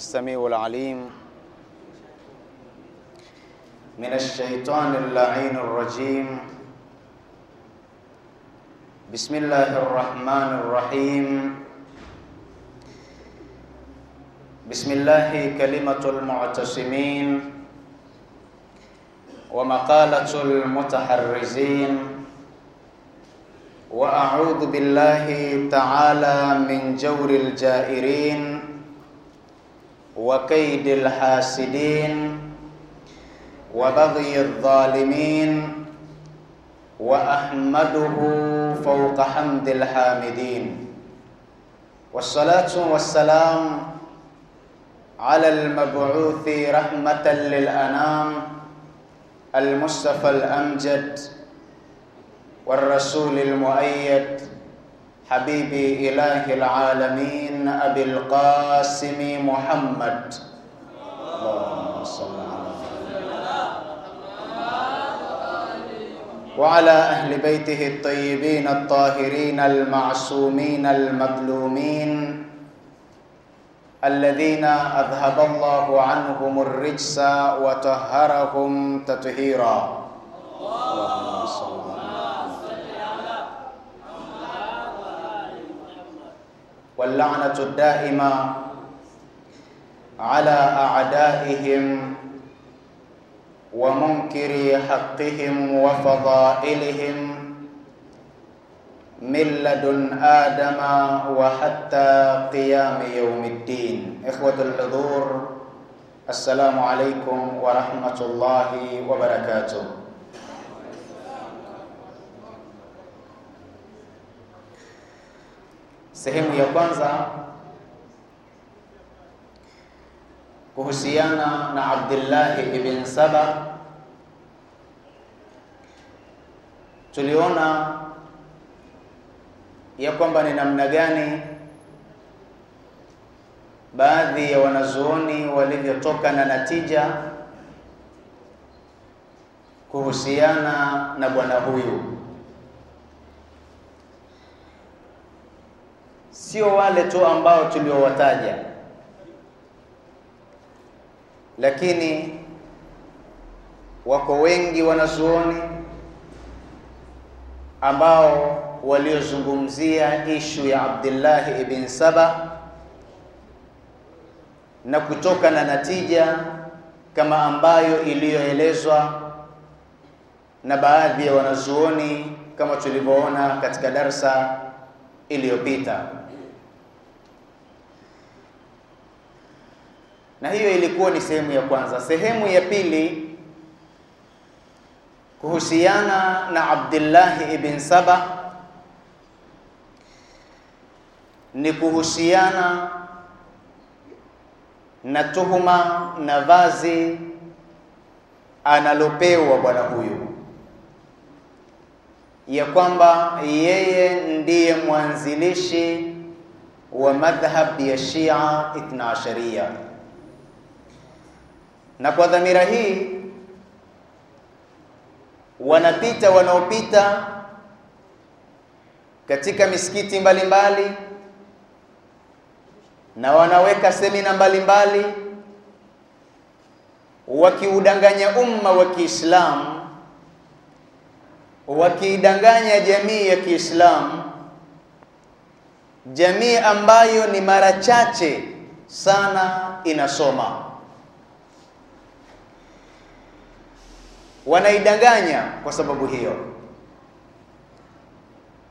السميع العليم من الشيطان اللعين الرجيم بسم الله الرحمن الرحيم بسم الله كلمة المعتصمين ومقالة المتحرزين وأعوذ بالله تعالى من جور الجائرين وكيد الحاسدين وبغي الظالمين وأحمده فوق حمد الحامدين والصلاة والسلام على المبعوث رحمة للأنام المصطفى الأمجد والرسول المؤيد حبيب إله العالمين أبي القاسم محمد اللهم صل على وعلى أهل بيته الطيبين الطاهرين المعصومين المظلومين الذين أذهب الله عنهم الرجس وطهرهم تطهيرا اللهم واللعنة الدائمة على أعدائهم ومنكر حقهم وفضائلهم من لدن آدم وحتى قيام يوم الدين إخوة الحضور السلام عليكم ورحمة الله وبركاته sehemu ya kwanza kuhusiana na Abdullah ibn Saba tuliona ya kwamba ni namna gani baadhi ya wanazuoni walivyotoka na natija kuhusiana na bwana huyu sio wale tu ambao tuliowataja, lakini wako wengi wanazuoni ambao waliozungumzia ishu ya Abdullah ibn Saba na kutoka na natija kama ambayo iliyoelezwa na baadhi ya wanazuoni kama tulivyoona katika darsa iliyopita. na hiyo ilikuwa ni sehemu ya kwanza. Sehemu ya pili kuhusiana na Abdullah ibn Saba ni kuhusiana na tuhuma na vazi analopewa bwana huyu, ya kwamba yeye ndiye mwanzilishi wa madhhab ya Shia Ithna Asharia na kwa dhamira hii wanapita wanaopita katika misikiti mbalimbali mbali, na wanaweka semina mbalimbali wakiudanganya umma wa Kiislamu wakiidanganya jamii ya Kiislamu jamii ambayo ni mara chache sana inasoma wanaidanganya kwa sababu hiyo,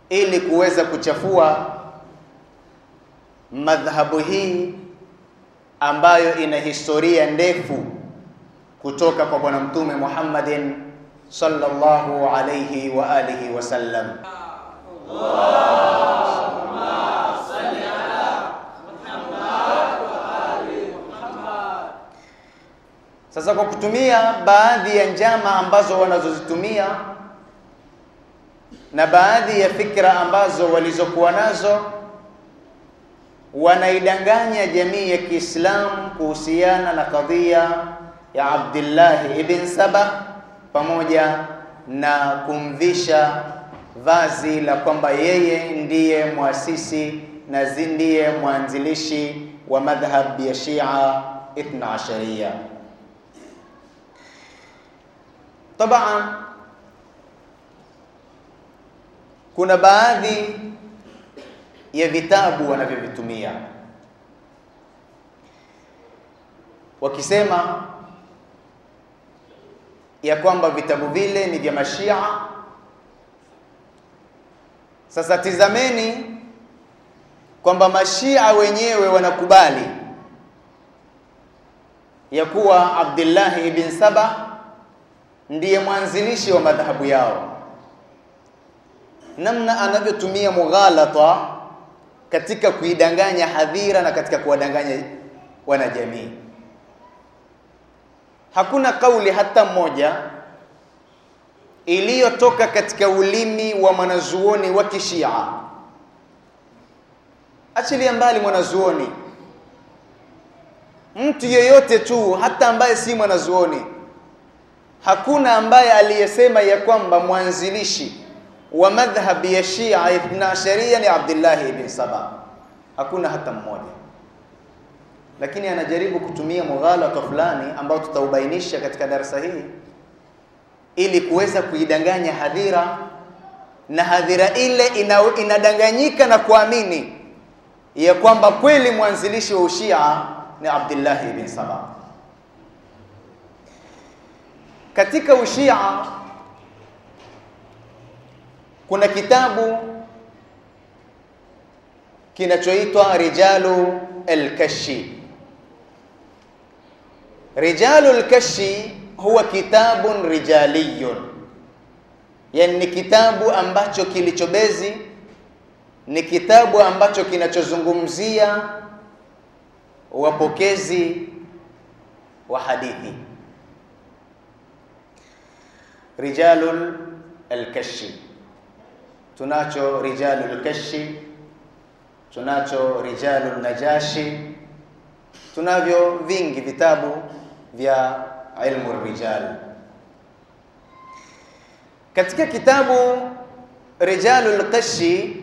ili kuweza kuchafua madhhabu hii ambayo ina historia ndefu kutoka kwa Bwana Mtume Muhammadin sallallahu alayhi wa alihi wasallam. Allah Sasa kwa kutumia baadhi ya njama ambazo wanazozitumia na baadhi ya fikra ambazo walizokuwa nazo, wanaidanganya jamii ya Kiislamu kuhusiana na kadhia ya Abdullah ibn Saba pamoja na kumvisha vazi la kwamba yeye ndiye muasisi na ndiye mwanzilishi wa madhhab ya Shia Ithna Ashariya. Tabaan kuna baadhi ya vitabu wanavyovitumia wakisema ya kwamba vitabu vile ni vya Mashia. Sasa tizameni kwamba Mashia wenyewe wanakubali ya kuwa Abdullah ibn Saba ndiye mwanzilishi wa madhahabu yao, namna anavyotumia mughalata katika kuidanganya hadhira na katika kuwadanganya wanajamii. Hakuna kauli hata moja iliyotoka katika ulimi wa mwanazuoni wa Kishia, achilia mbali mwanazuoni, mtu yeyote tu, hata ambaye si mwanazuoni hakuna ambaye aliyesema ya kwamba mwanzilishi wa madhhabi ya Shia Ibn Asharia ni Abdullah ibn Saba, hakuna hata mmoja. Lakini anajaribu kutumia mughalata fulani ambao tutaubainisha katika darasa hii ili kuweza kuidanganya hadhira, na hadhira ile ina, inadanganyika na kuamini ya kwamba kweli mwanzilishi wa ushia ni Abdullah ibn Saba. Katika ushia kuna kitabu kinachoitwa Rijalu al-Kashi. Rijalu al-Kashi huwa kitabun rijaliyun, yani ni kitabu ambacho kilichobezi, ni kitabu ambacho kinachozungumzia wapokezi wa hadithi rijalul al-Kashi. Tunacho rijalul Kashi, tunacho rijalul Najashi, tunavyo vingi vitabu vya ilmu rijal. Katika kitabu rijalul Kashi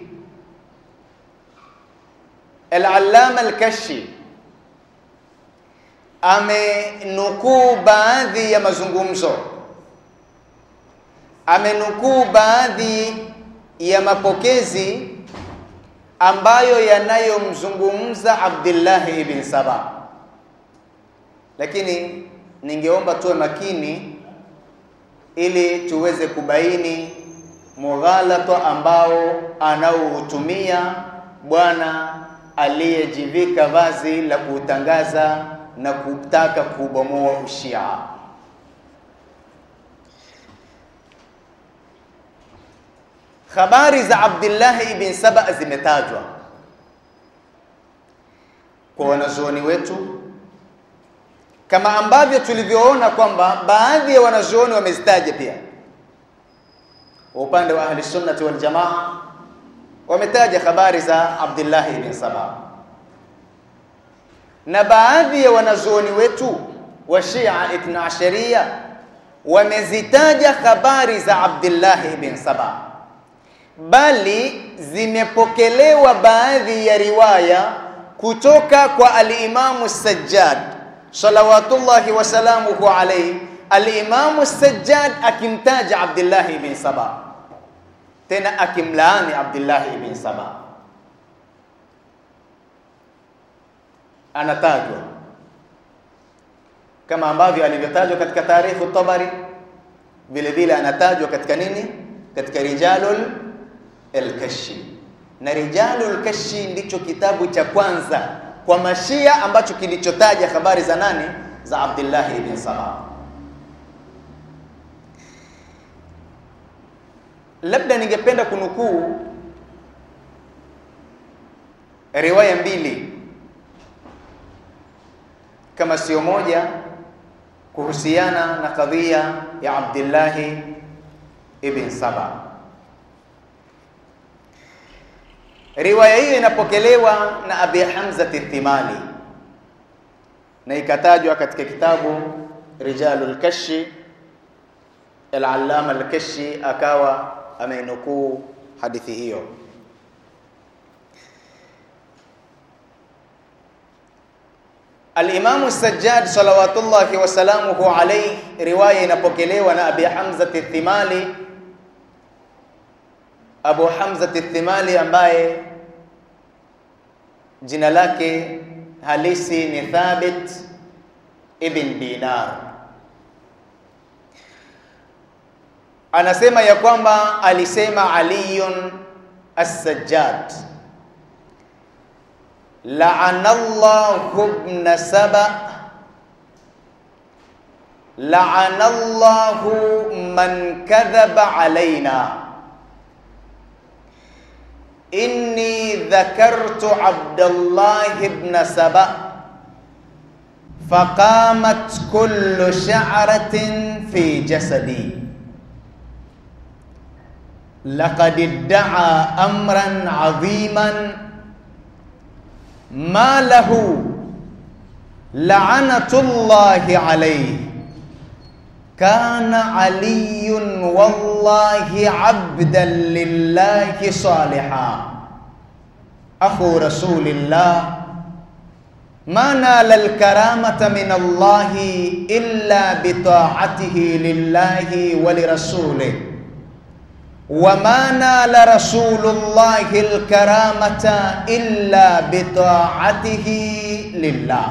Al-Allama Al-Kashi amenukuu baadhi ya mazungumzo amenukuu baadhi ya mapokezi ambayo yanayomzungumza abdullahi ibn Saba, lakini ningeomba tuwe makini ili tuweze kubaini mughalata ambao anaoutumia bwana aliyejivika vazi la kuutangaza na kutaka kubomoa ushia. Habari za Abdullah ibn Saba zimetajwa kwa wanazuoni wetu, kama ambavyo tulivyoona kwamba baadhi ya wanazuoni wamezitaja pia. Kwa upande wa Ahli Sunnati wal Jamaa wametaja habari za Abdullah ibn Saba, na baadhi ya wanazuoni wetu wa Shia Ithna Asharia wamezitaja habari za Abdullah ibn Saba bali zimepokelewa baadhi ya riwaya kutoka kwa alimamu Sajjad salawatullahi wasalamuhu alaihi. Alimamu Sajjad akimtaja Abdillahi ibn Saba, tena akimlaani Abdillahi ibn Saba, anatajwa kama ambavyo alivyotajwa katika taarifu Tabari, vile vile anatajwa katika nini, katika rijalul al-Kashi, na Rijalul Kashi ndicho kitabu cha kwanza kwa mashia ambacho kilichotaja habari za nani za Abdullah ibn Salam. Labda ningependa kunukuu riwaya mbili kama sio moja kuhusiana na kadhia ya Abdillahi ibn Saba. Riwaya hiyo inapokelewa na Abi Hamza Tirtimani na ikatajwa katika kitabu Rijalul Kashi. Al-Allama Al-Kashi akawa ameinukuu hadithi hiyo. Al-Imam Sajjad salawatullahi wa salamuhu alayhi, riwaya inapokelewa na Abi Hamza Tirtimani Abu Hamza Tirtimani ambaye jina lake halisi ni Thabit ibn Dinar. Anasema ya kwamba alisema Aliyun As-Sajjad, la'anallahu ibn Saba, la'anallahu man kadhaba alaina إني ذكرت عبد الله بن سبأ فقامت كل شعرة في جسدي لقد ادعى أمرا عظيما ما له لعنة الله عليه كان علي والله عبدا لله صالحا أخو رسول الله ما نال الكرامة من الله إلا بطاعته لله ولرسوله وما نال رسول الله الكرامة إلا بطاعته لله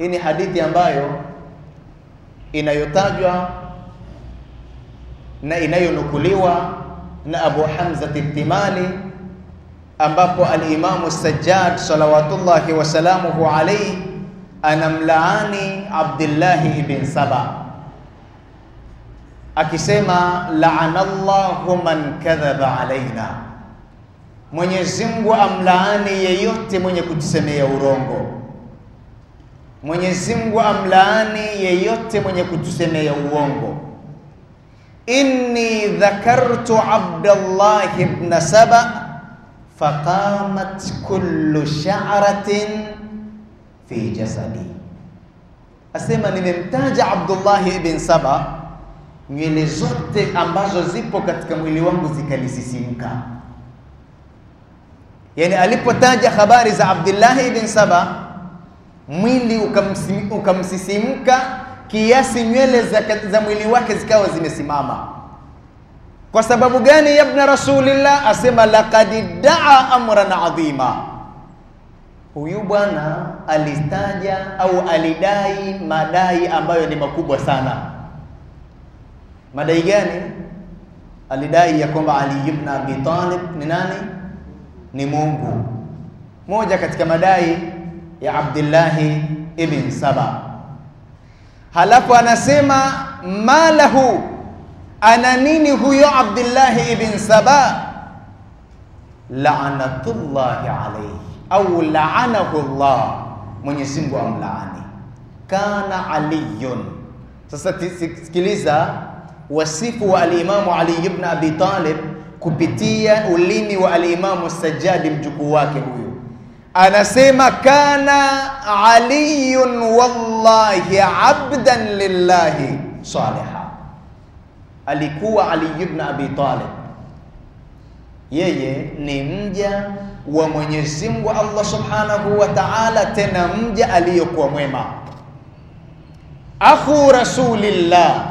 هنا حديث ينبايو inayotajwa na inayonukuliwa na Abu Hamza timali ambapo al-Imamu Sajjad salawatullahi wasalamuhu alayhi anamlaani Abdillahi ibn Saba akisema, la'anallahu man kadhaba alaina, Mwenyezi Mungu amlaani yeyote mwenye kutusemea urongo Mwenyezi Mungu amlaani yeyote mwenye kutusemea uongo. Inni dhakartu Abdallah ibn Saba faqamat kullu sha'ratin fi jasadi, asema nimemtaja Abdullah ibn Saba, nywele zote ambazo zipo katika mwili wangu zikalisisimka Yani alipotaja habari za Abdullah ibn Saba mwili ukamsisimka kiasi nywele za, za mwili wake zikawa zimesimama. Kwa sababu gani? Yabna Rasulillah asema laqad daa amran adhima, huyu bwana alitaja au alidai madai ambayo ni makubwa sana. Madai gani? Alidai ya kwamba Ali ibn Abi Talib ni nani? Ni Mungu. Moja katika madai ya Abdillahi ibn Saba. Halafu anasema malahu, ana nini huyo Abdillahi ibn Saba? Laanatullahi alayhi au laanahu Allah, Mwenyezi Mungu amlaani. Kana aliyun. Sasa sikiliza wasifu wa alimamu Ali ibn Abi Talib kupitia ulimi wa alimamu Sajjadi, mjukuu wake huyu anasema kana aliyun wallahi abdan lillahi saliha, alikuwa Ali ibn Abi Talib, yeye ni mja wa Mwenyezi Mungu Allah Subhanahu wa Ta'ala, tena mja aliyokuwa mwema. Akhu Rasulillah,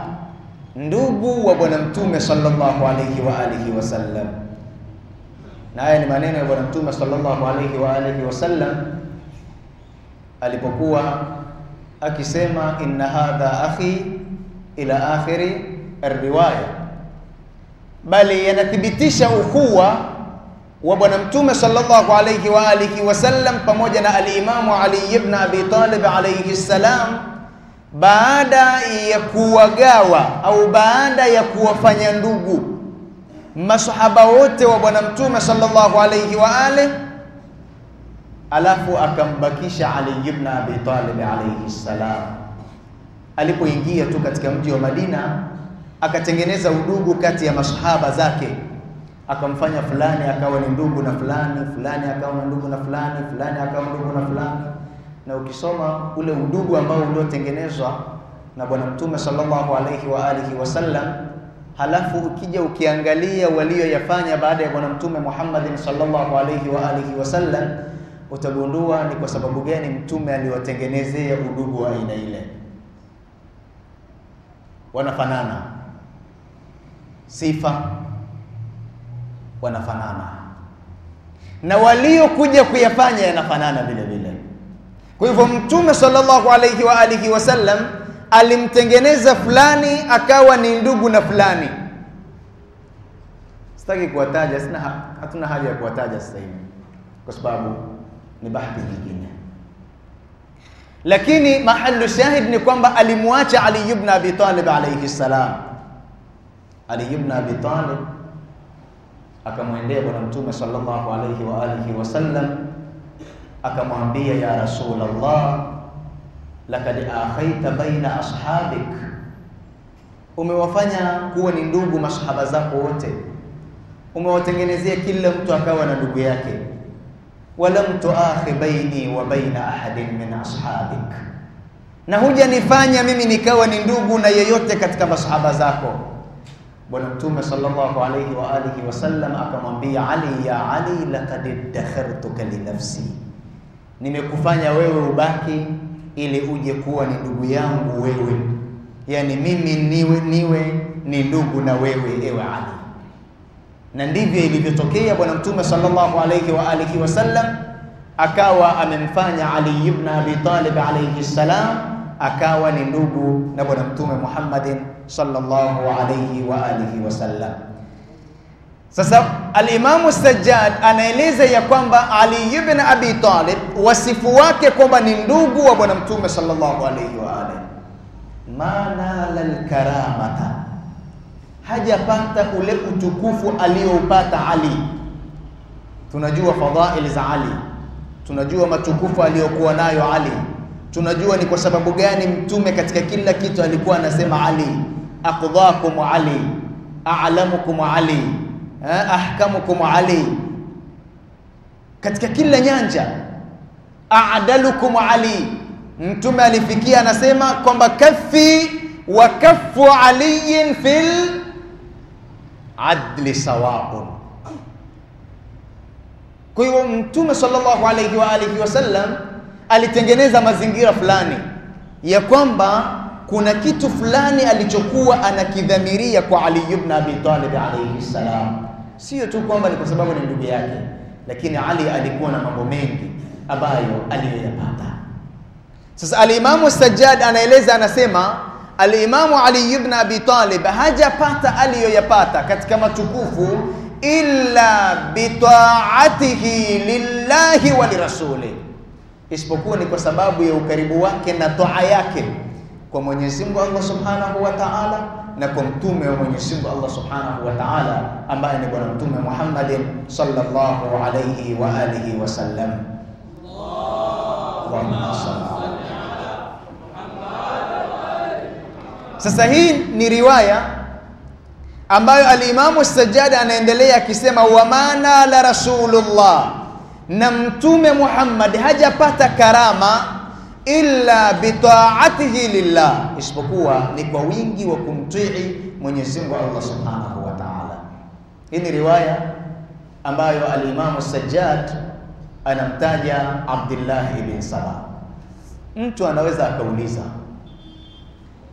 ndugu wa Bwana Mtume sallallahu alayhi wa alihi wasallam na haya ni maneno ya bwana mtume sallallahu alaihi wa alihi wasallam alipokuwa akisema inna hadha akhi ila akhiri riwaya, bali yanathibitisha ukuwa wa bwana mtume sallallahu alaihi wa alihi wasallam pamoja na alimamu Ali ibn Abi Talib alaihi salam, baada ya kuwagawa au baada ya kuwafanya ndugu masahaba wote wa bwana mtume sallallahu alayhi wa ali alafu akambakisha Ali ibn Abi Talib alayhi salam. Alipoingia tu katika mji wa Madina akatengeneza udugu kati ya masahaba zake, akamfanya fulani akawa ni ndugu na fulani, fulani akawa ni ndugu na fulani, fulani akawa ndugu na fulani. Na ukisoma ule udugu ambao uliotengenezwa na bwana mtume sallallahu alayhi wa alihi wasallam halafu ukija ukiangalia walioyafanya baada ya bwana mtume Muhammadin sallallahu alayhi wa alihi wasallam utagundua ni kwa sababu gani mtume aliwatengenezea udugu wa aina ile. Wanafanana sifa, wanafanana na waliokuja kuyafanya yanafanana vile vile. Kwa hivyo mtume sallallahu alayhi wa alihi wasallam alimtengeneza fulani akawa ni ndugu na fulani. Sitaki kuwataja, sina hatuna haja ya kuwataja sasa hivi kwa sababu ni bahthi nyingine, lakini mahalu shahid ni kwamba alimwacha Ali ibn Abi Talib alayhi salam. Ali ibn Abi Talib akamwendea Bwana Mtume sallallahu alayhi wa alihi wasallam, akamwambia ya Rasulullah laqad akhaita baina ashabik, umewafanya kuwa ni ndugu masahaba zako wote, umewatengenezea kila mtu akawa na ndugu yake. Walam tuakhi baini wa baina ahadin min ashabik, na hujanifanya mimi nikawa ni ndugu na yeyote katika masahaba zako. Bwana Mtume sallallahu alayhi wa alihi wasallam akamwambia Ali, ya Ali, laqad dakhartuka linafsi, nimekufanya wewe ubaki ili uje kuwa ni ndugu yangu wewe, yani mimi niwe niwe ni ndugu na wewe, ewe Ali. Na ndivyo ilivyotokea Bwana Mtume sallallahu alayhi wa alihi wasallam akawa amemfanya Ali ibn Abi Talib alayhi salam akawa ni ndugu na Bwana Mtume Muhammadin sallallahu alayhi wa alihi wasallam. Sasa Alimamu Sajjad anaeleza ya kwamba Ali ibn Abi Talib wasifu wake kwamba ni ndugu wa Bwana Mtume sallallahu alayhi wa alihi, mana karamata, hajapata ule utukufu aliyoupata Ali. Tunajua fadhaili za Ali, tunajua matukufu aliyokuwa nayo Ali, tunajua ni kwa sababu gani Mtume katika kila kitu alikuwa anasema Ali, aqdhakum Ali, a'lamukum Ali Eh, ahkamukum ali, katika kila nyanja adalukum ali. Mtume alifikia anasema kwamba kafi wa kafu aliyin fil adli sawaun. Kwa hiyo Mtume sallallahu alayhi wa alihi wasallam alitengeneza mazingira fulani ya kwamba kuna kitu fulani alichokuwa anakidhamiria kwa Ali ibn Abi Talib alayhi salam Sio tu kwamba ni kwa sababu ni ndugu yake, lakini Ali alikuwa na mambo mengi ambayo aliyoyapata. Sasa Alimamu Sajjad anaeleza anasema, Alimamu Ali ibn Abi Talib hajapata aliyoyapata katika matukufu illa bitaatihi lillahi wa lirasuli, isipokuwa ni kwa sababu ya ukaribu wake na toa yake kwa Mwenyezi Mungu Allah Subhanahu wa Ta'ala na kwa mtume wa Mwenyezi Mungu Allah Subhanahu wa Ta'ala ambaye ni bwana mtume Muhammad sallallahu alayhi wa alihi wasallam. Allahumma salli ala Muhammad. Sasa hii ni riwaya ambayo alimamu Sajjad anaendelea akisema, wa mana la rasulullah, na mtume Muhammad hajapata karama illa bitaatihi lillah, isipokuwa ni kwa wingi wa kumtii Mwenyezi Mungu Allah Subhanahu wa Ta'ala. Hii ni riwaya ambayo al-Imam Sajjad anamtaja Abdullah ibn Saba. Mtu anaweza akauliza,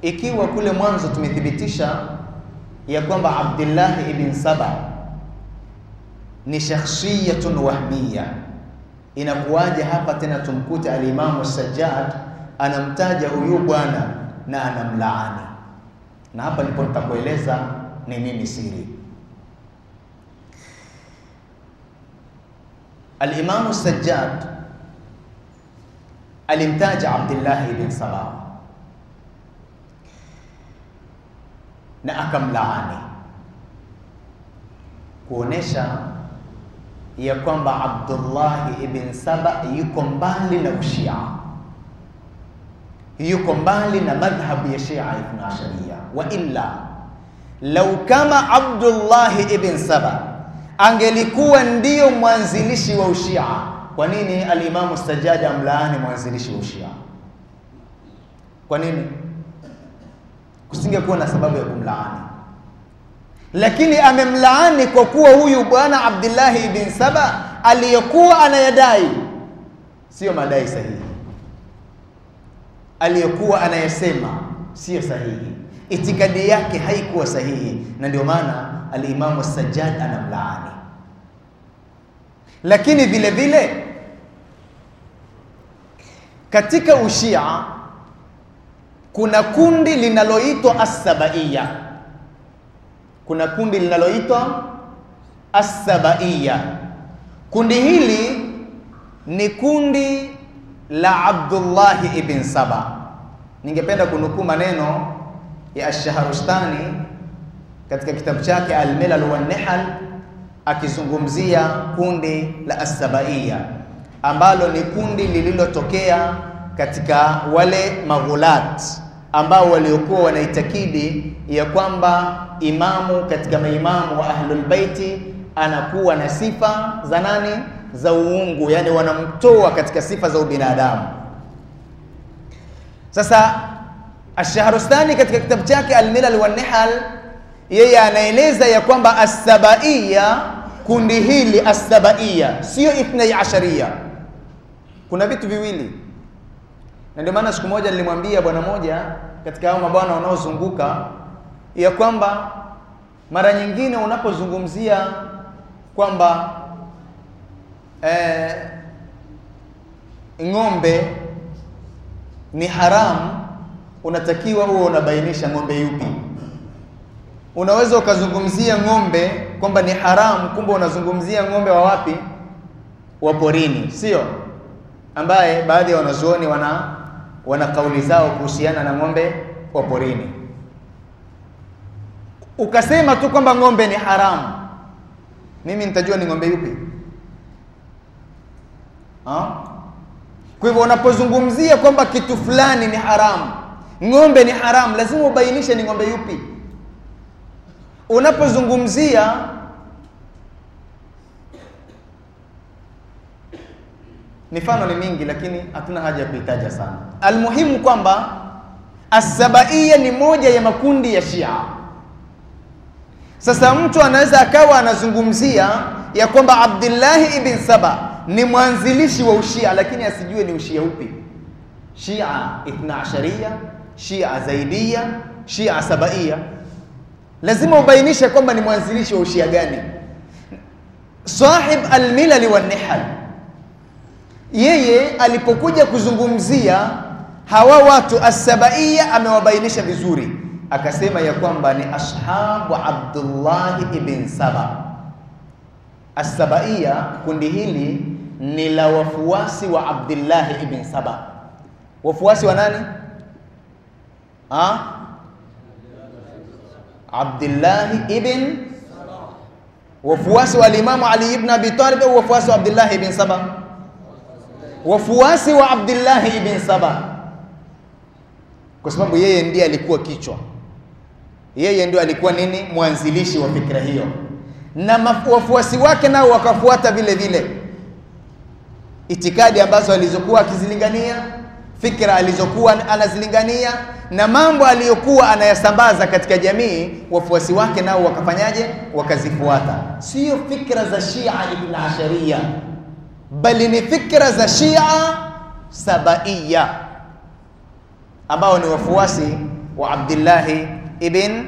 ikiwa kule mwanzo tumethibitisha ya kwamba Abdullah ibn Saba ni shakhsiyatun wahmiya Inakuwaje hapa tena tumkute alimamu Sajjad anamtaja huyu bwana na anamlaani? Na hapa ndipo nitakueleza ni nini siri. Alimamu Sajjad alimtaja Abdillahi bin Salam na akamlaani kuonesha ya kwamba Abdullahi ibn Saba yuko mbali na ushia, yuko mbali na madhhabu ya Shia Ibn Asharia. Wa illa lau kama Abdullahi ibn Saba angelikuwa ndiyo mwanzilishi wa ushia, kwa nini alimamu Sajjad amlaani mwanzilishi wa ushia? Kwa nini kusingekuwa na sababu ya kumlaani? lakini amemlaani kwa kuwa huyu bwana Abdullahi bin Saba aliyekuwa anayadai siyo madai sahihi, aliyekuwa anayesema siyo sahihi, itikadi yake haikuwa sahihi, na ndio maana alimamu Sajjad anamlaani. Lakini vile vile katika ushia kuna kundi linaloitwa Assabaiya kuna kundi linaloitwa as Kundi hili ni kundi la Abdullahi ibn Saba. Ningependa kunukuu maneno ya Ash-Shahrustani katika kitabu chake Al-Milal wa Nihal akizungumzia kundi la as ambalo ni kundi lililotokea katika wale maghulat ambao waliokuwa wanaitakidi ya kwamba imamu katika maimamu wa Ahlul Baiti anakuwa na sifa za nani? Za uungu, yani wanamtoa katika sifa za ubinadamu. Sasa Ash-Shahrustani katika kitabu chake Al-Milal wan Nihal yeye anaeleza ya kwamba As-Sabaiya, kundi hili As-Sabaiya sio Ithnai Ashariya. Kuna vitu viwili na ndio maana siku moja nilimwambia bwana moja katika hao mabwana wanaozunguka ya kwamba mara nyingine unapozungumzia kwamba eh, ng'ombe ni haramu, unatakiwa huo unabainisha ng'ombe yupi. Unaweza ukazungumzia ng'ombe kwamba ni haramu, kumbe unazungumzia ng'ombe wa wapi? Wa porini, sio? ambaye baadhi ya wanazuoni wana wana kauli zao kuhusiana na ng'ombe wa porini. Ukasema tu kwamba ng'ombe ni haramu, mimi nitajua ni ng'ombe yupi? Ha? Kwa hivyo unapozungumzia kwamba kitu fulani ni haramu, ng'ombe ni haramu, lazima ubainishe ni ng'ombe yupi. Unapozungumzia Mifano ni mingi, lakini hatuna haja ya kuitaja sana. Almuhimu kwamba Asabaiya ni moja ya makundi ya Shia. Sasa mtu anaweza akawa anazungumzia ya kwamba Abdullahi ibn Saba ni mwanzilishi wa ushia, lakini asijue ni ushia upi. Shia Ithna Asharia, Shia Zaidia, Shia Sabaia. Lazima ubainishe kwamba ni mwanzilishi wa ushia gani. Sahib Almilali wa Nihal yeye alipokuja kuzungumzia hawa watu asabaiya amewabainisha vizuri, akasema ya kwamba ni ashabu Abdullah ibn Saba. Asabaiya, kundi hili ni la wafuasi wa Abdullah ibn Saba. Wafuasi wa nani? Ha? Abdullah ibn Saba, wafuasi wa Imam Ali ibn Abi Talib au wafuasi wa Abdullah ibn Saba wafuasi wa Abdullah ibn Saba, kwa sababu yeye ndiye alikuwa kichwa, yeye ndio alikuwa nini, mwanzilishi wa fikra hiyo, na wafuasi wake nao wakafuata vile vile itikadi ambazo alizokuwa akizilingania, fikra alizokuwa anazilingania, na mambo aliyokuwa anayasambaza katika jamii, wafuasi wake nao wakafanyaje? Wakazifuata, sio fikra za Shia ibn Asharia bali ni fikra za Shia Sabaiya ambao ni wafuasi wa Abdillahi ibn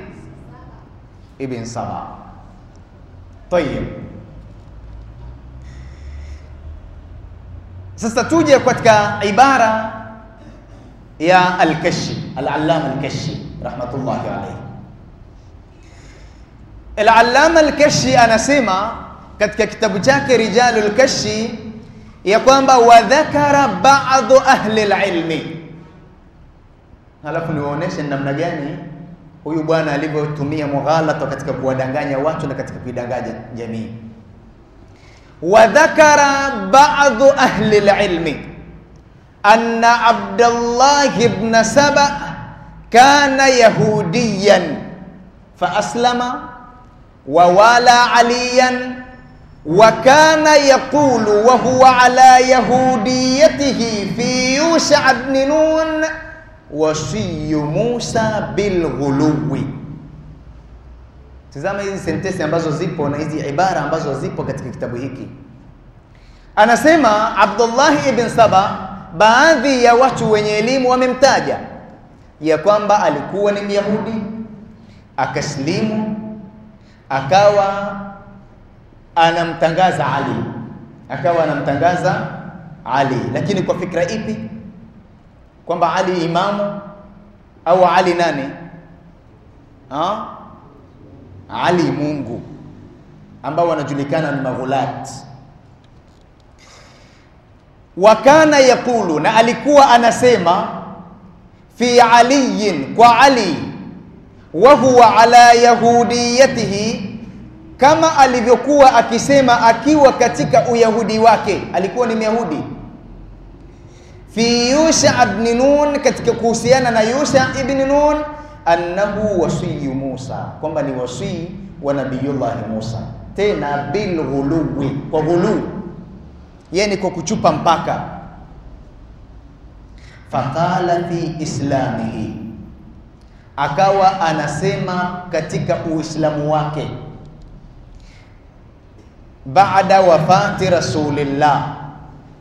ibn Saba. Tayib, sasa tuje katika ibara ya Al-Kashi, Al-Allama Al-Kashi rahmatullahi alayhi. Al-Allama Al-Kashi anasema katika kitabu chake Rijalul Kashi ya kwamba wadhakara baadhu ahli lilmi. Halafu niwaoneshe namna gani huyu bwana alivyotumia mughalata katika kuwadanganya watu na katika kuidanganya jamii. Wadhakara baadhu ahli lilmi anna Abdullah ibn Saba kana yahudiyan fa aslama wa wala aliyan wa kana yaqulu wa huwa ala yahudiyatihi fi Yusha ibn Nun wasiyu Musa bilghuluwi. tizama hizi sentensi ambazo zipo na hizi ibara ambazo zipo katika kitabu hiki. Anasema Abdullah ibn Saba, baadhi ya watu wenye elimu wamemtaja ya kwamba alikuwa ni Myahudi, akaslimu akawa anamtangaza Ali, akawa anamtangaza Ali, lakini kwa fikra ipi? Kwamba Ali imamu au Ali nani ha? Ali Mungu ambao wanajulikana ni maghulat wakana yakulu, na alikuwa anasema fi aliyin, kwa Ali wa huwa ala yahudiyatihi kama alivyokuwa akisema akiwa katika uyahudi wake, alikuwa ni Myahudi. Fi Yusha ibn Nun, katika kuhusiana na Yusha ibn Nun, annahu wasiyu Musa, kwamba ni wasii wa Nabiyullahi Musa, tena bil ghuluwi, kwa ghulu, yani kwa kuchupa mpaka. Faqala fi islamihi, akawa anasema katika Uislamu wake baada wafati rasulillah,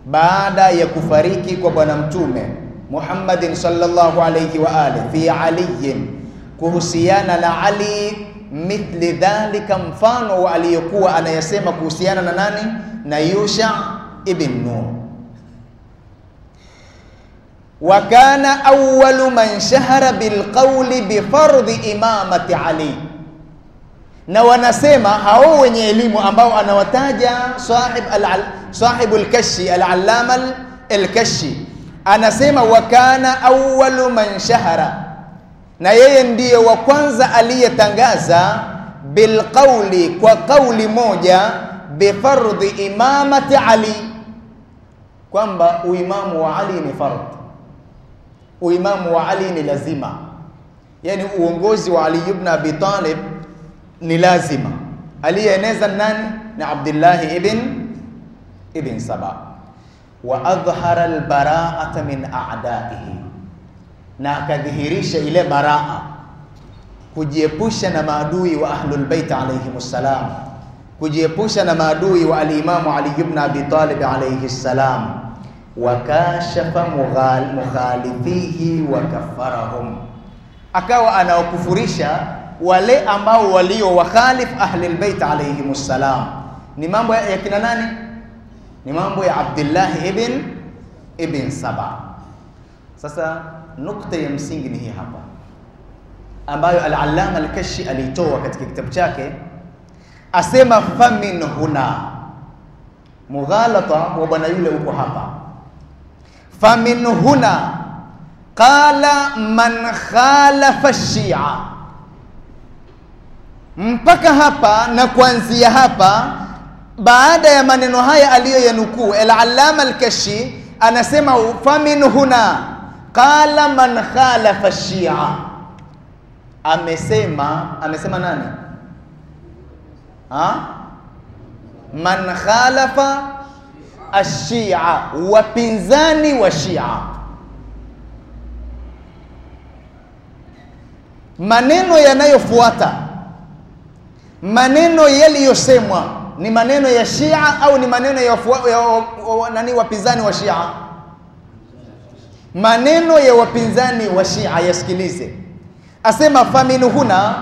baada ya kufariki kwa bwana mtume Muhammadin sallallahu alayhi wa alihi, fi aliyin, kuhusiana na Ali, mithli dhalika, mfano wa aliyokuwa anayasema kuhusiana na nani? Na Yusha ibn Nun. Wa kana awwalu man shahara bilqawli bifardhi imamati Ali na wanasema hao wenye elimu ambao anawataja sahib al sahibu al-Kashi al-Allama al-Kashi anasema kana awwalu man shahara, na yeye ndiye wa kwanza aliyetangaza bilqauli, kwa kauli moja, bifardhi imamati Ali, kwamba uimamu wa Ali ni fard uimamu wa Ali ni lazima, yani uongozi wa Ali ibn Abi Talib ni lazima. Aliyeeneza nani? Ni Abdillahi ibn ibn Saba. Wa adhhara albaraata min a'daihi, na akadhihirisha ile baraa, kujiepusha na maadui wa ahlul bait alayhimussalam, kujiepusha na maadui wa alimamu Ali ibn Abi Talib alayhi salam wakashafa mukhalifihi wa kafarahum, akawa anaokufurisha wale ambao walio wakhalif ahli albayt alayhimussalam. Ni mambo ya kina nani? Ni mambo ya Abdullah ibn ibn Saba. Sasa nukta ya msingi ni hii hapa ambayo al-Allama al-Kashi alitoa katika kitabu chake, asema famin huna mughalata wa bwana yule uko hapa, famin huna qala man khalafa shia mpaka hapa na kuanzia hapa, baada ya maneno haya aliyoyanukuu al-Allama al-Kashi anasema famin huna qala man khalafa shia, amesema amesema nani ha? man khalafa ashia, wapinzani wa Shia. Maneno yanayofuata maneno yaliyosemwa ni maneno ya Shia au ni maneno ya, ya, nani wapinzani wa Shia? Maneno ya wapinzani wa Shia, yasikilize. Asema faminu huna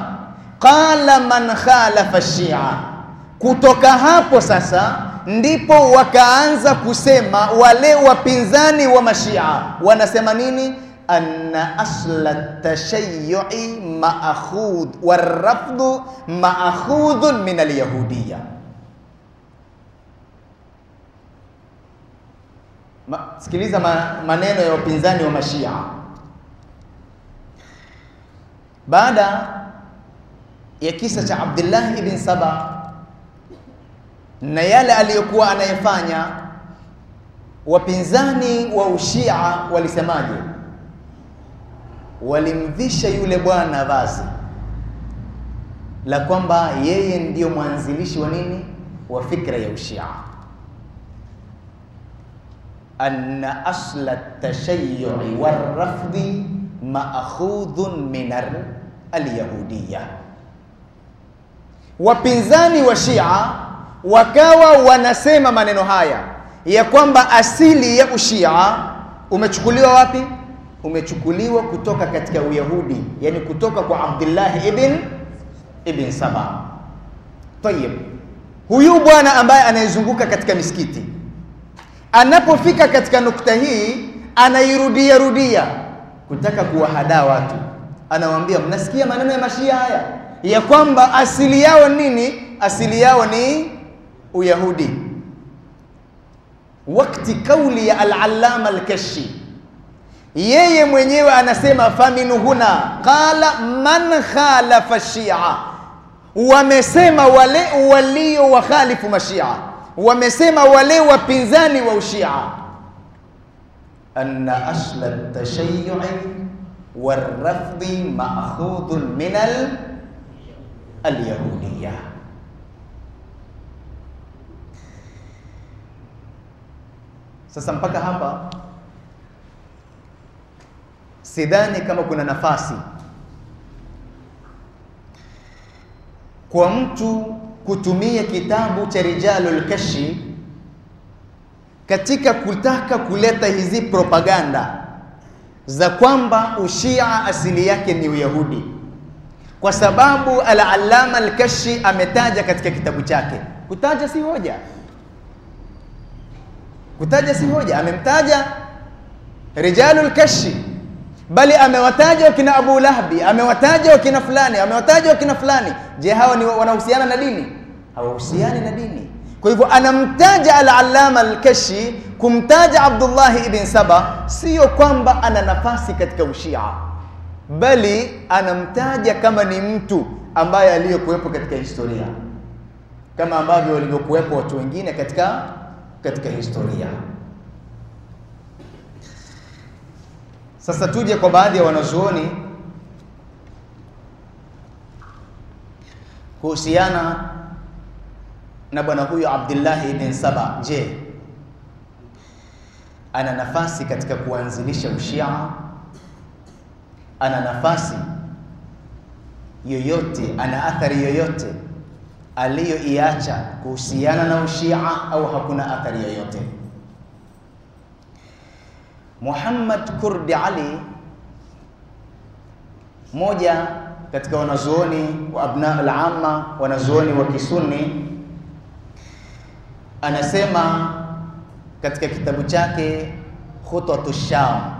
qala man khalafa Shia, kutoka hapo sasa ndipo wakaanza kusema wale wapinzani wa mashia wanasema nini? anna asla tashayyu'i ma'akhud warrafdu ma'akhudun min al-yahudiyya Ma, sikiliza ma, maneno ya upinzani wa mashia baada ya kisa cha Abdullah ibn Saba na yale aliyokuwa anayefanya wapinzani wa ushia walisemaje walimvisha yule bwana vazi la kwamba yeye ndiyo mwanzilishi wa nini, wa fikra ya ushia, anna asla tashayui warrafdi maakhudhun min alyahudiya. Wapinzani wa Shia wakawa wanasema maneno haya ya kwamba asili ya ushia umechukuliwa wapi? umechukuliwa kutoka katika Uyahudi, yani kutoka kwa Abdullah ibn ibn Saba. Tayeb, huyu bwana ambaye anayezunguka katika misikiti anapofika katika nukta hii anairudia rudia kutaka kuwahadaa watu, anawaambia mnasikia maneno ya mashia haya ya kwamba asili yao nini? Asili yao ni Uyahudi. Wakati kauli ya al-Allama al-Kashi yeye mwenyewe anasema famin huna qala man khalafa shia wamesema wale walio wakhalifu mashia wamesema wale wapinzani wa ushia anna asla tashayyu warafdhi ma'khudhun min al-yahudiyya sasa mpaka hapa sidhani kama kuna nafasi kwa mtu kutumia kitabu cha Rijalul Kashi katika kutaka kuleta hizi propaganda za kwamba ushia asili yake ni Uyahudi, kwa sababu Al-Allama Al-Kashi ametaja katika kitabu chake. Kutaja si hoja, kutaja si hoja. Amemtaja Rijalul Kashi bali amewataja wakina Abu Lahabi, amewataja wakina fulani, amewataja wakina fulani. Je, hawa ni wanahusiana na dini? Hawahusiani na dini. Kwa hivyo anamtaja al-Allama al-Kashi, kumtaja Abdullah ibn Saba sio kwamba ana nafasi katika ushia, bali anamtaja kama ni mtu ambaye aliyokuwepo katika historia, kama ambavyo walivyokuwepo watu wengine katika katika historia. Sasa tuje kwa baadhi ya wanazuoni kuhusiana na bwana huyu Abdullah ibn Saba. Je, ana nafasi katika kuanzilisha ushia? Ana nafasi yoyote? Ana athari yoyote aliyoiacha kuhusiana na ushia, au hakuna athari yoyote? Muhammad Kurdi Ali, moja katika wanazuoni wa abna al-amma, wanazuoni wa Kisunni, anasema katika kitabu chake Khutwatu Sham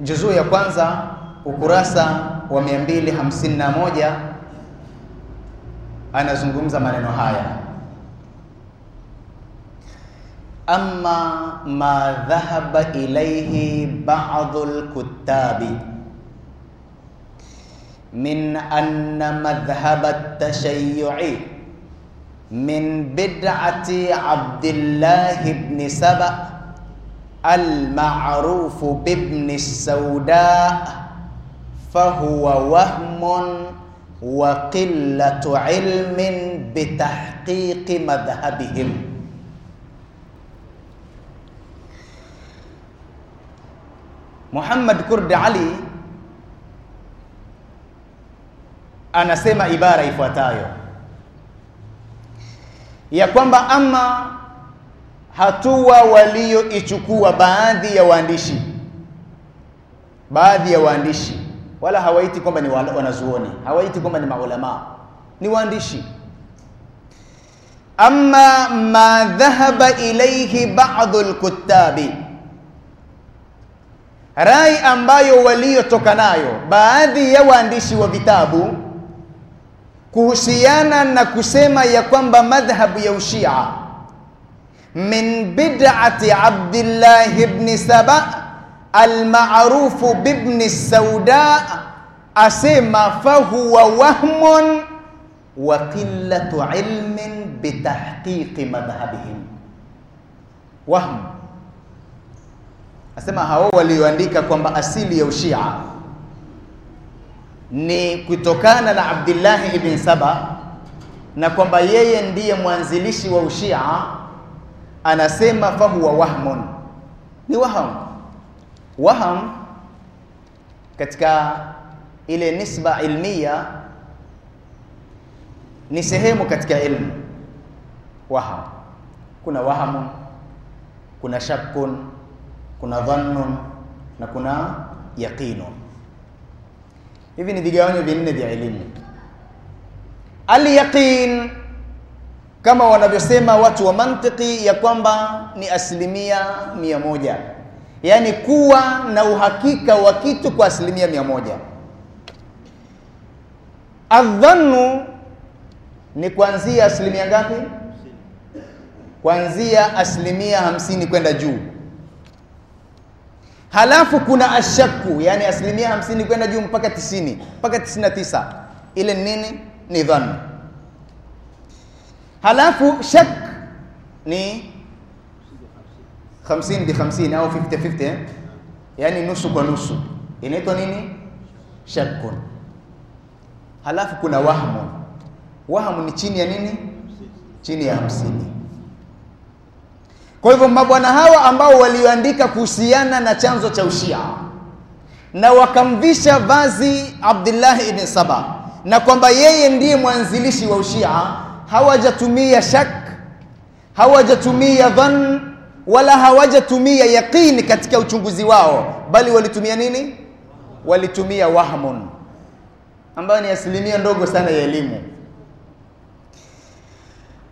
juzuu ya kwanza ukurasa wa 251 anazungumza maneno haya amma ma dhahaba ilayhi ba'dhul kuttabi min anna madhhaba tashayu'i min bid'ati abdillah ibn saba المعروف بابن السوداء فهو وهم wa qillatu ilmin bitahqiqi madhhabihim Muhammad Kurdi Ali anasema ibara ifuatayo ya kwamba ama hatua walioichukua baadhi ya waandishi baadhi ya waandishi wala hawaiti kwamba ni wanazuoni, hawaiti kwamba ni maulama, ni waandishi. Amma ma dhahaba ilayhi ba'dhu alkutabi, rai ambayo waliotoka nayo baadhi ya waandishi wa vitabu kuhusiana na kusema ya kwamba madhhabu ya ushia min bid'ati Abdullah ibn Saba almarufu bibni sauda asema fahuwa wahmun wa qillatu ilmin bitahqiqi madhhabihim. Wahm asema hao walioandika kwamba asili ya ushia ni kutokana na Abdillahi ibn Saba na kwamba yeye ndiye mwanzilishi wa ushia, anasema fahuwa wahmun, ni wahamu Waham katika ile nisba ilmia ni sehemu katika ilmu. Waham, kuna wahamu kuna shakkun, kuna dhannun na kuna yaqinun. Hivi ni vigawanyo vinne vya elimu. Al-yaqin kama wanavyosema watu wa mantiki ya kwamba ni asilimia mia moja yaani kuwa na uhakika wa kitu kwa asilimia mia moja. Adhannu ni kuanzia asilimia ngapi? Kuanzia asilimia hamsini kwenda juu. Halafu kuna ashaku, yani asilimia hamsini kwenda juu mpaka tisini mpaka tisini na tisa ile nini? Ni dhannu. Halafu shak ni 50 bi 50 au 50 50 yani Yaani nusu kwa nusu inaitwa nini? Shakkun. Halafu kuna wahmu. Wahmu ni chini ya nini? Chini ya 50 Kwa hivyo mabwana hawa ambao walioandika kuhusiana na chanzo cha ushia na wakamvisha vazi Abdullah ibn Saba na kwamba yeye ndiye mwanzilishi wa ushia, hawajatumia shak, hawajatumia dhann wala hawajatumia yaqini katika uchunguzi wao bali walitumia nini walitumia wahmun ambayo ni asilimia ndogo sana ya elimu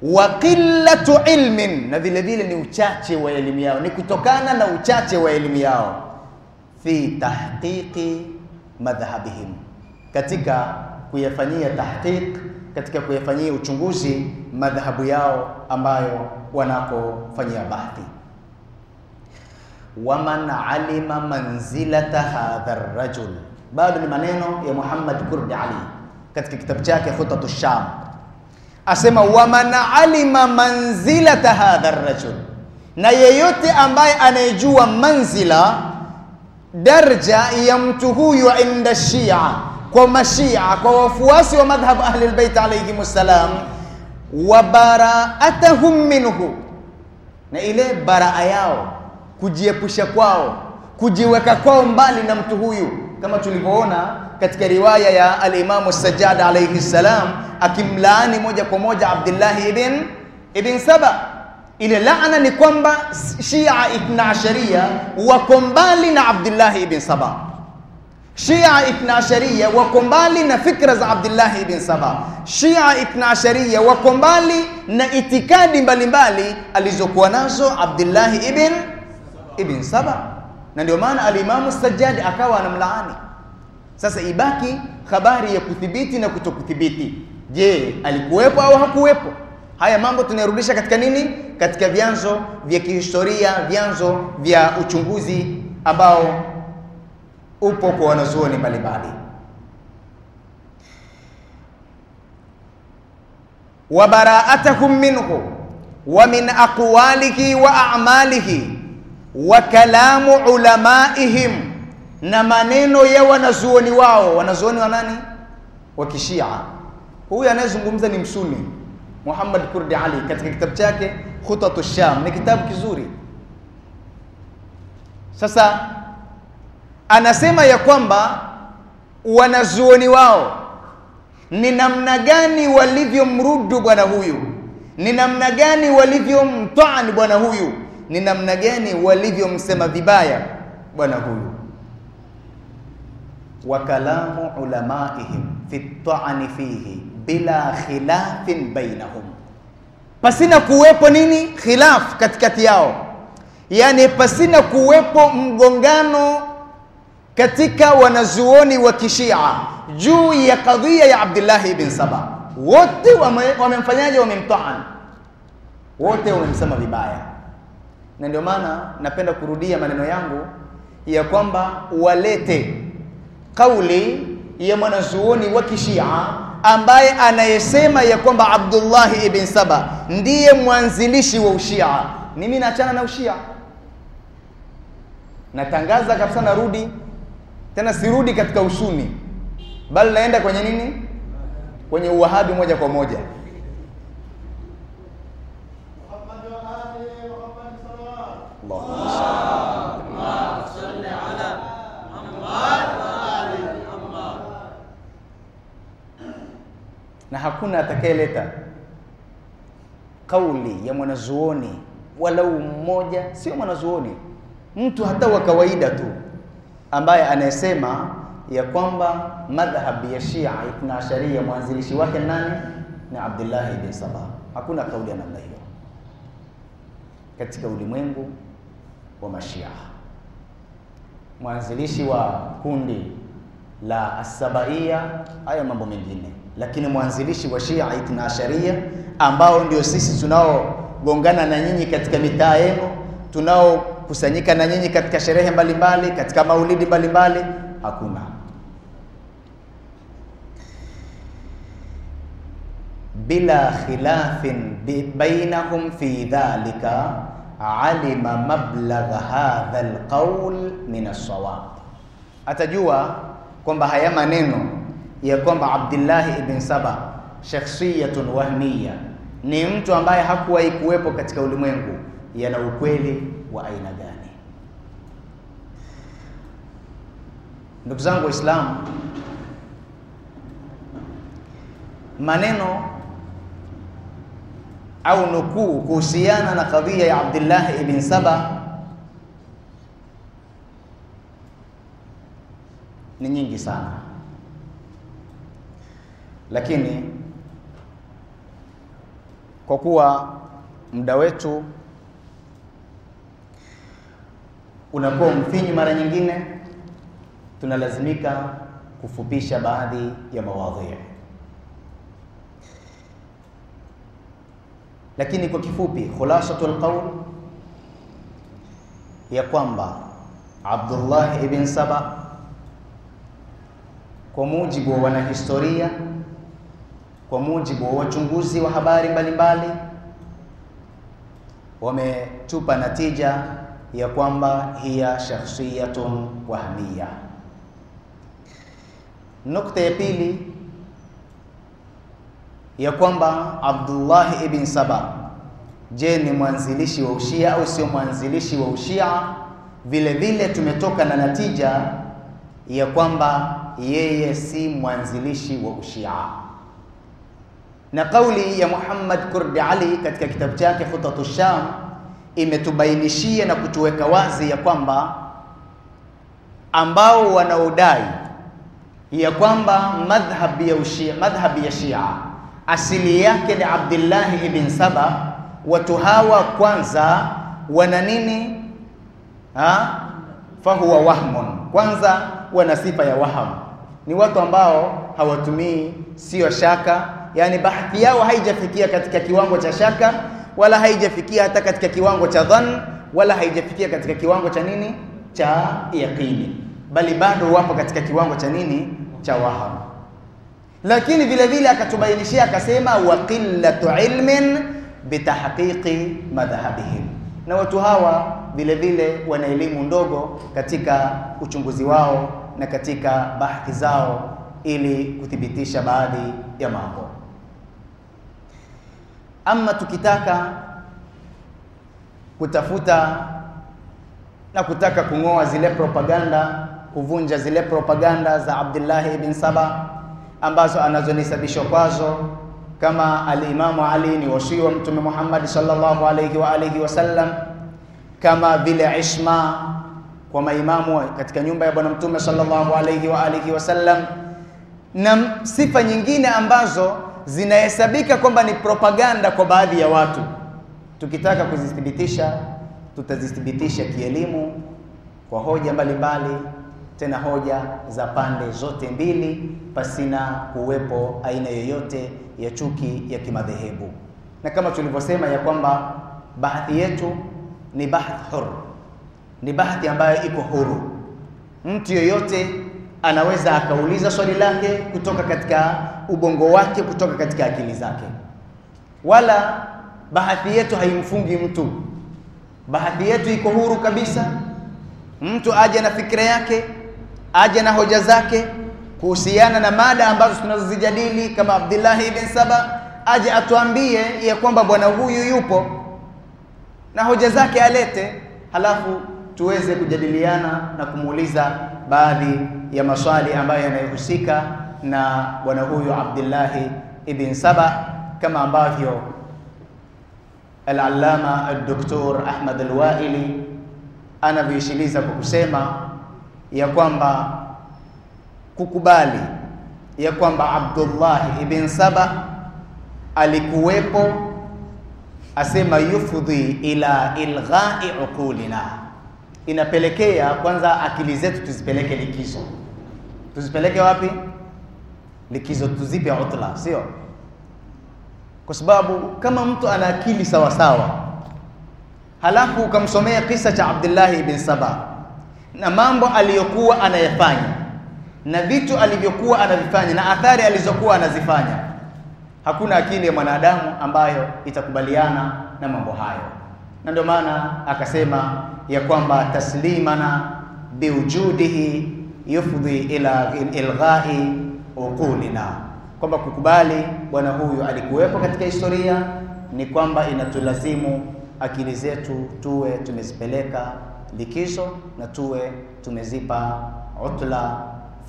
wa qillatu ilmin na vile vile ni uchache wa elimu yao ni kutokana na uchache wa elimu yao fi tahqiqi madhhabihim katika kuyafanyia tahqiq katika kuyafanyia uchunguzi madhahabu yao ambayo wanakofanyia bahthi ومن علم منزلة هذا الرجل بعد المنينو يا محمد كرد علي كتك كتب جاك خطط الشام أسمى ومن علم منزلة هذا الرجل نا ييوتي أمباي أن يجوا منزلة درجة يمتهو عند الشيعة كما الشيعة كوفواس ومذهب أهل البيت عليهم السلام وبراءتهم منه نا إليه براءياه kujiepusha kwao, kujiweka kwao mbali na mtu huyu, kama tulivyoona katika riwaya ya alimamu Sajjad alayhi salam akimlaani moja kwa moja Abdullah ibn ibn Saba. Ile laana ni kwamba Shia Ithna Asharia wako mbali na Abdullah ibn Saba. Shia Ithna Asharia wako mbali na fikra za Abdullah ibn Saba. Shia Ithna Asharia wako mbali na itikadi mbalimbali alizokuwa nazo Abdullah ibn ibn Saba, na ndio maana alimamu Sajjad akawa anamlaani. Sasa ibaki habari ya kuthibiti na kutokuthibiti. Je, alikuwepo au hakuwepo? Haya mambo tunayarudisha katika nini? Katika vyanzo vya kihistoria, vyanzo vya uchunguzi ambao upo kwa wanazuoni mbalimbali. wa bara'atuhum minhu wa min aqwalihi wa a'malihi wa kalamu ulamaihim, na maneno ya wanazuoni wao. Wanazuoni wa nani? Wa Kishia. Huyu anayezungumza ni msuni Muhammad Kurdi Ali katika kitabu chake Khutatu Sham, ni kitabu kizuri. Sasa anasema ya kwamba wanazuoni wao ni namna gani walivyomrudu bwana huyu, ni namna gani walivyomtwani bwana huyu ni namna gani walivyomsema vibaya bwana huyu. Wa kalamu ulamaihim fi ta'ani fihi bila khilafin bainahum, pasina kuwepo nini khilaf katikati yao, yani pasina kuwepo mgongano katika wanazuoni wa kishia juu ya kadhia ya Abdullahi ibn Saba. Wote wamemfanyaje? Wamemtaan, wote wamemsema vibaya na ndio maana napenda kurudia maneno yangu ya kwamba walete kauli ya mwanazuoni wa Kishia ambaye anayesema ya kwamba Abdullah ibn Saba ndiye mwanzilishi wa Ushia. Mimi naachana na Ushia, natangaza kabisa, narudi tena, sirudi katika usuni, bali naenda kwenye nini, kwenye uwahabi moja kwa moja. sallallahu alaihi wasallam, na hakuna atakayeleta kauli ya mwanazuoni walau mmoja, sio mwanazuoni, mtu hata wa kawaida tu ambaye anayesema ya kwamba madhhabi ya Shia Ithna Asharia mwanzilishi wake nani? Ni Abdullahi ibn Sabah. Hakuna kauli ya namna hiyo katika ulimwengu wa Mashia, mwanzilishi wa kundi la Asabaia, haya mambo mengine, lakini mwanzilishi wa Shia Ithna Asharia ambao ndio sisi tunaogongana na nyinyi katika mitaa yenu, tunaokusanyika na nyinyi katika sherehe mbalimbali katika maulidi mbalimbali hakuna bila khilafin bainahum fi dhalika alima mablagh hadha alqaul min alsawab, atajua kwamba haya maneno ya kwamba Abdullah ibn Saba shakhsiyatun wahmiya ni mtu ambaye hakuwahi kuwepo katika ulimwengu, yana ukweli wa aina gani? Ndugu zangu Waislamu, maneno au nukuu kuhusiana na kadhia ya Abdullah ibn Saba ni nyingi sana, lakini kwa kuwa muda wetu unakuwa mfinyi, mara nyingine tunalazimika kufupisha baadhi ya mawadhi Lakini kwa kifupi, khulasatu qawl ya kwamba Abdullah ibn Saba kwa mujibu wa wanahistoria, kwa mujibu wa wachunguzi wa habari mbalimbali, wametupa natija ya kwamba hiya shakhsiyatun wahmiya. Nukta ya pili ya kwamba Abdullah ibn Saba, je, ni mwanzilishi wa ushia au sio mwanzilishi wa ushia? Vile vile tumetoka na natija ya kwamba yeye si mwanzilishi wa ushia na kauli ya Muhammad Kurdi Ali katika kitabu chake Khutatu Sham imetubainishia na kutuweka wazi ya kwamba ambao wanaodai ya kwamba madhhabi ya ushia, madhhabi ya Shia asili yake ni Abdullah ibn Saba. Watu hawa kwanza wana nini? Ha? Fahuwa wahmun, kwanza wana sifa ya waham ni watu ambao hawatumii sio shaka, yani bahthi yao haijafikia katika kiwango cha shaka wala haijafikia hata katika kiwango cha dhan wala haijafikia katika kiwango cha nini cha yaqini, bali bado wapo katika kiwango cha nini cha wahamu lakini vile vile akatubainishia akasema wa qillatu ilmin bitahqiqi madhhabihim, na watu hawa vile vile wana elimu ndogo katika uchunguzi wao na katika bahthi zao ili kuthibitisha baadhi ya mambo. Ama tukitaka kutafuta na kutaka kung'oa zile propaganda, kuvunja zile propaganda za Abdullah ibn Saba ambazo anazonisabishwa kwazo kama alimamu Ali ni wasii wa Mtume Muhammad sallallahu alayhi wa alihi wasallam, kama vile ishma kwa maimamu katika nyumba ya Bwana Mtume sallallahu alayhi wa alihi wasallam, na sifa nyingine ambazo zinahesabika kwamba ni propaganda kwa baadhi ya watu. Tukitaka kuzithibitisha, tutazithibitisha kielimu kwa hoja mbalimbali tena hoja za pande zote mbili pasina kuwepo aina yoyote ya chuki ya kimadhehebu, na kama tulivyosema ya kwamba bahthi yetu ni bahthi huru, ni bahthi ambayo iko huru. Mtu yoyote anaweza akauliza swali lake kutoka katika ubongo wake, kutoka katika akili zake, wala bahati yetu haimfungi mtu. Bahati yetu iko huru kabisa, mtu aje na fikira yake aje na hoja zake kuhusiana na mada ambazo tunazozijadili kama Abdullah ibn Saba aje atuambie ya kwamba bwana huyu yupo na hoja zake alete, halafu tuweze kujadiliana na kumuuliza baadhi ya maswali ambayo yanayohusika na bwana huyu Abdullah ibn Saba kama ambavyo al-Allama al-Doktor Ahmad al-Waili anavyoishiliza kwa kusema ya kwamba kukubali ya kwamba Abdullah ibn Saba alikuwepo, asema yufdhi ila ilghai uqulina, inapelekea kwanza akili zetu tuzipeleke likizo. Tuzipeleke wapi? Likizo, tuzipe utla, sio kwa sababu kama mtu ana akili sawa sawa, halafu ukamsomea kisa cha Abdullah ibn Saba na mambo aliyokuwa anayafanya na vitu alivyokuwa anavifanya na athari alizokuwa anazifanya. Hakuna akili ya mwanadamu ambayo itakubaliana na mambo hayo, na ndio maana akasema ya kwamba taslimana biwujudihi yufdhi ila ilghai uqulina, kwamba kukubali bwana huyu alikuwepo katika historia ni kwamba inatulazimu akili zetu tuwe tumezipeleka likizo na tuwe tumezipa utla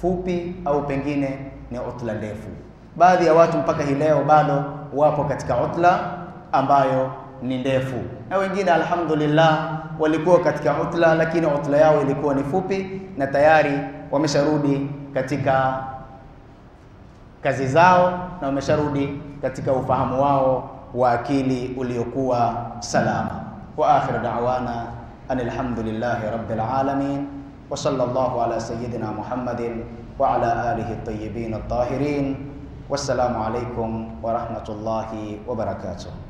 fupi au pengine ni utla ndefu. Baadhi ya watu mpaka hii leo bado wapo katika utla ambayo ni ndefu, na wengine alhamdulillah walikuwa katika utla, lakini utla yao ilikuwa ni fupi na tayari wamesharudi katika kazi zao na wamesharudi katika ufahamu wao wa akili uliokuwa salama. wa akhir da'wana أن الحمد لله رب العالمين وصلى الله على سيدنا محمد وعلى آله الطيبين الطاهرين والسلام عليكم ورحمة الله وبركاته